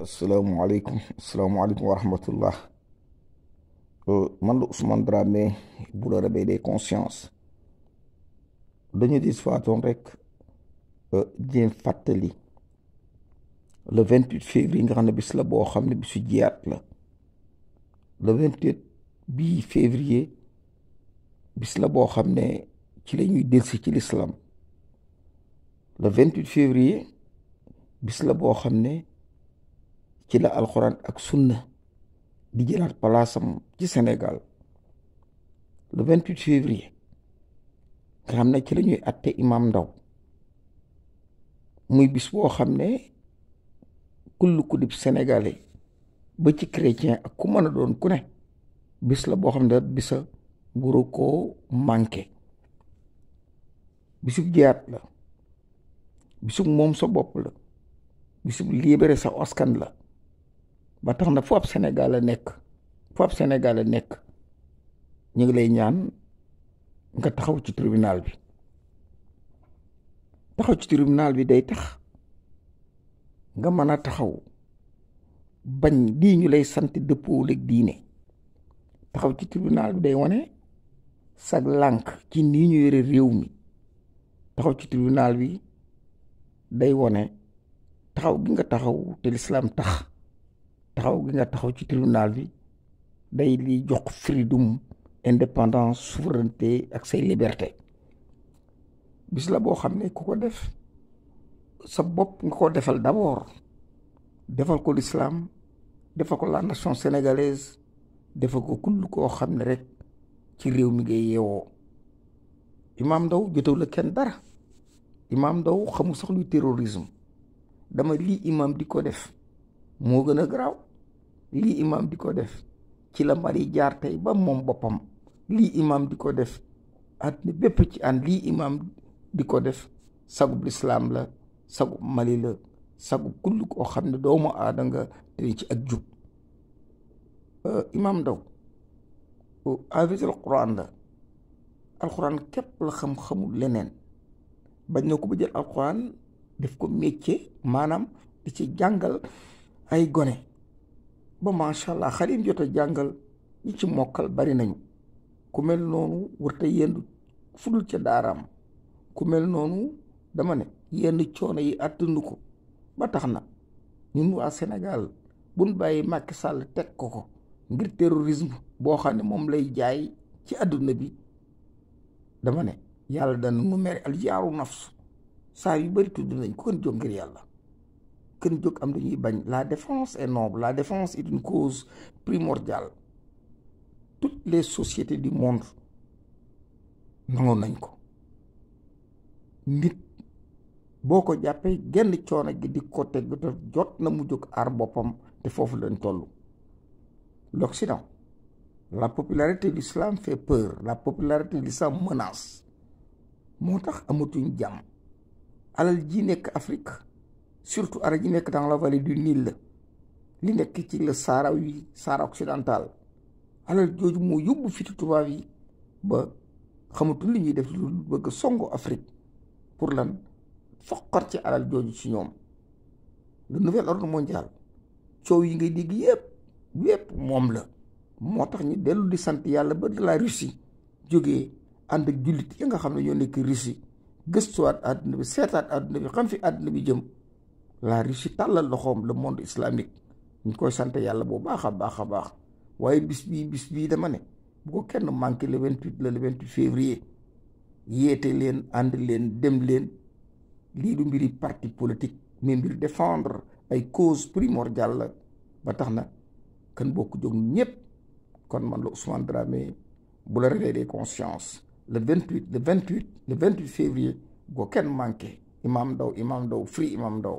asalaamaaleykum asalaamaaleykum wa rahmatullah euh, man la Ousmane Dramé bu la réveil des consciences dañu dis faatoon rek jéem euh, fàttali le vingt huit février nga xam ne bis la boo xam ne bisu jiyaat la le vingt huit bii février bis la boo xam ne ci la ñuy delsi ci l'islam le vingt huit février bis la boo xam ne ci la alxuraan ak sunna di jëlaat palaasam ci senegaal le vingt huit février nga xam ne ci la ñuy atte Imam Ndaw muy bis boo xam ne kullu ku dib sénégalais ba ci chrétien ak ku mën a doon ku ne bis la boo xam ne bisa buru ko manqué bisub jiyaat la bisub moom sa bopp la bisub libéré sa oskan la ba tax na foo ab Sénégal nekk fu ab Sénégal nekk ñu ngi lay ñaan nga taxaw ci tribunal bi taxaw ci tribunal bi day tax nga mën a taxaw bañ lii ñu lay sant dëppoowul ak diine taxaw ci tribunal bi day wane sag lànk ci nii ñu yore réew mi taxaw ci tribunal bi day wone taxaw gi nga taxaw te lislaam tax taxaw gi nga taxaw ci tribunal bi day li jox freedom indépendance souveraineté ak say liberté bis la boo xam ne ku ko def sa bopp nga ko defal d'abord defal ko l'islam defal ko la nation sénégalaise defal ko kull koo xam ne rek ci réew mi ngay yeewoo Imam Ndao jotaw la kenn dara imaam ndaw xamul sax luy terrorisme dama lii imam di ko def moo gën a garaaw lii imaam di ko def ci la mari jaar tey ba moom boppam lii imaam di ko def àddina bépp ci an lii imaam di ko def sagub lislaam la sagub mali la sagub kull koo xam ne doomu aada nga dañ ci ak jub euh, imaam Ndaw euh, avisal quran la alquran képp la xam-xamul leneen bañ na ko ba jël alquran def ko métier maanaam di ci jàngal ay gone ba macha allah xale yi jot a jàngal ñi ci mokkal bari nañu ku mel noonu wërta yendu fudul ca daaraam ku mel noonu dama ne yenn coono yi àttanu ko ba tax na ñun waa Sénégal buñ bàyyi Macky sàll teg ko ko ngir terrorisme boo xam ne moom lay jaay ci àdduna bi dama ne yàlla dana mu mere al jaaru nafs saa yu bari tudd nañ ko kon jóg ngir yàlla kenn jóg am lu ñuy bañ la défense est noble la défense est une cause primordiale toutes les sociétés du monde nangoon nañ ko nit boo ko jàppee genn coono gi di ko teg te jot na mu jóg aar boppam te foofu lañ toll l'Occident la popularité de l'islam fait peur la popularité l'islam menace moo tax amatuñ jàmm alal ji nekk Afrique surtout araj yi nekk dans la vallée du Nil la li nekk ci la Sahara yi saara occidental alal jooju moo yóbbu fiti tubaab yi ba xamatul li ñuy def lu bëgg songu Afrique pour lan foqar ci alal jooju ci ñoom le nouvel ordre mondial coow yi ngay dégg yépp yépp moom la moo tax ñu dellu di sant yàlla ba de la Russie jóge ànd ak jullit yi nga xam ne ñoo nekk Russie gëstuwaat àdduna bi seetaat àdduna bi xam fi àdduna bi jëm la Russie tàllal loxoom le monde islamique ñu koy sant yàlla bu baax a baax a baax waaye bis bii bis bii dama ne bu kenn manqué le vingt huit le vingt huit février yéete leen ànd leen dem leen lii du mbiri parti politique mais mbir défendre ay cause primordiale la ba tax na kan bokk jog ñëpp kon man la Ousmane Dramé bu la réveillé conscience le vingt huit le vingt huit le vingt huit février bu ko kenn manqué imam Ndao imam Ndao free imam Ndao